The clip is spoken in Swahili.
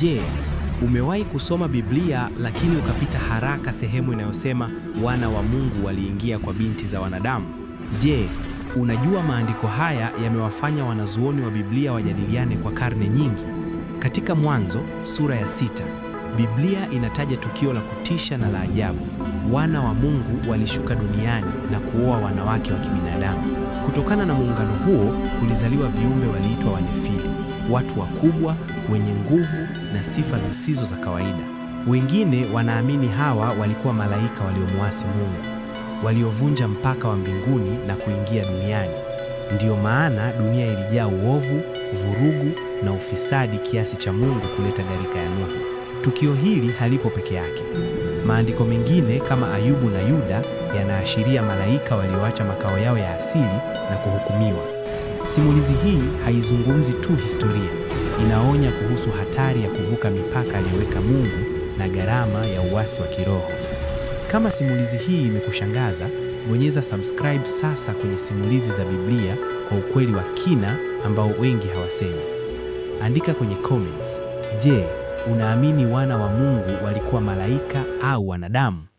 Je, umewahi kusoma Biblia lakini ukapita haraka sehemu inayosema wana wa Mungu waliingia kwa binti za wanadamu? Je, unajua maandiko haya yamewafanya wanazuoni wa Biblia wajadiliane kwa karne nyingi? Katika Mwanzo sura ya sita, Biblia inataja tukio la kutisha na la ajabu. Wana wa Mungu walishuka duniani na kuoa wanawake wa kibinadamu. Kutokana na muungano huo kulizaliwa viumbe waliitwa wanefili, watu wakubwa wenye nguvu na sifa zisizo za kawaida. Wengine wanaamini hawa walikuwa malaika waliomwasi Mungu, waliovunja mpaka wa mbinguni na kuingia duniani. Ndiyo maana dunia ilijaa uovu, vurugu na ufisadi kiasi cha Mungu kuleta gharika ya Nuhu. Tukio hili halipo peke yake. Maandiko mengine kama Ayubu na Yuda yanaashiria malaika walioacha makao yao ya asili na kuhukumiwa. Simulizi hii haizungumzi tu historia inaonya kuhusu hatari ya kuvuka mipaka aliyoweka Mungu na gharama ya uasi wa kiroho. Kama simulizi hii imekushangaza, bonyeza subscribe sasa kwenye Simulizi za Biblia kwa ukweli wa kina ambao wengi hawasemi. Andika kwenye comments, je, unaamini wana wa Mungu walikuwa malaika au wanadamu?